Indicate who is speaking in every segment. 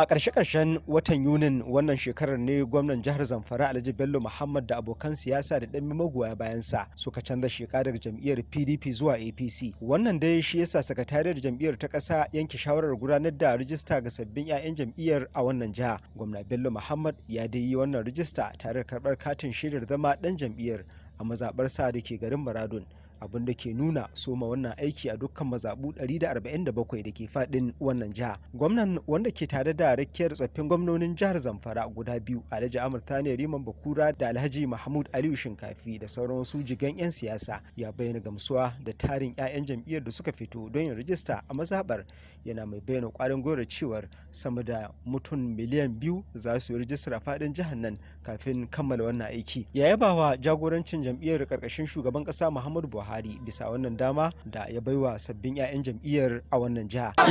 Speaker 1: a ƙarshe-ƙarshen watan yunin wannan shekarar ne gwamnan jihar zamfara alhaji bello muhammad da abokan siyasa da ɗan magoya bayansa suka canza shekarar jam'iyyar pdp zuwa apc wannan dai shi yasa sakatariyar jam'iyyar ta ƙasa yanke shawarar gudanar da rijista ga sabbin 'ya'yan jam'iyyar a wannan jiha gwamna bello muhammad ya dai yi wannan rijista tare da karɓar katin shirin zama ɗan jam'iyyar a mazaɓar sa da ke garin Maradun abin da ke nuna soma wannan aiki a dukkan mazaɓu 147 da ke fadin wannan jiha. Gwamnan wanda ke tare da rakiyar tsaffin gwamnonin jihar Zamfara guda biyu Alhaji Amur Tani Riman Bakura da Alhaji Mahmud Aliyu Shinkafi da sauran wasu jigan 'yan siyasa ya bayyana gamsuwa da tarin 'ya'yan jam'iyyar da suka fito don yin rajista a mazaɓar yana mai bayyana ƙwarin gwiwar cewar sama da mutum miliyan biyu za su yi a fadin jihar nan kafin kammala wannan aiki. Ya yaba wa jagorancin jam'iyyar karkashin shugaban kasa Muhammadu Buhari bisa wannan dama da ya baiwa sabbin 'ya'yan jam'iyyar a wannan jiha. wa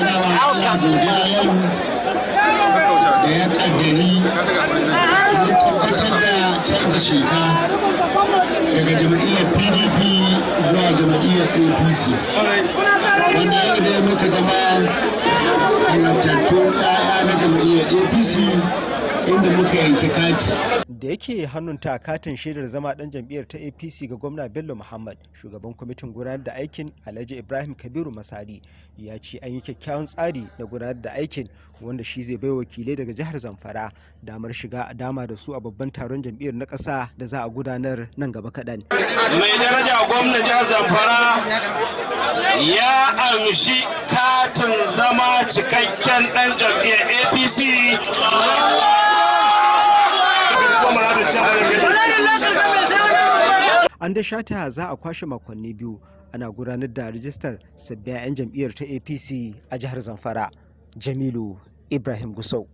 Speaker 2: daga jam'iyyar PDP zuwa jam'iyyar APC. Wanda ya ne muka zama halartattun
Speaker 1: 'ya'ya na jam'iyyar APC inda muka yanke kati. Da yake hannunta katin shaidar zama ɗan jam'iyyar ta APC ga gwamna Bello Muhammad, shugaban kwamitin gudanar da aikin Alhaji Ibrahim Kabiru Masari ya ce an yi kyakkyawan tsari na gudanar da aikin wanda shi zai bai wakilai daga jihar Zamfara damar shiga a dama da su a babban taron jam'iyyar na ƙasa da za a gudanar nan gaba kaɗan. Mai daraja gwamna jihar Zamfara
Speaker 2: ya amshi katin zama cikakken ɗan
Speaker 1: an da shata za a kwashe makonni biyu ana gudanar da rijistar sabbin 'yan jam'iyyar ta apc a jihar zamfara jamilu ibrahim gusau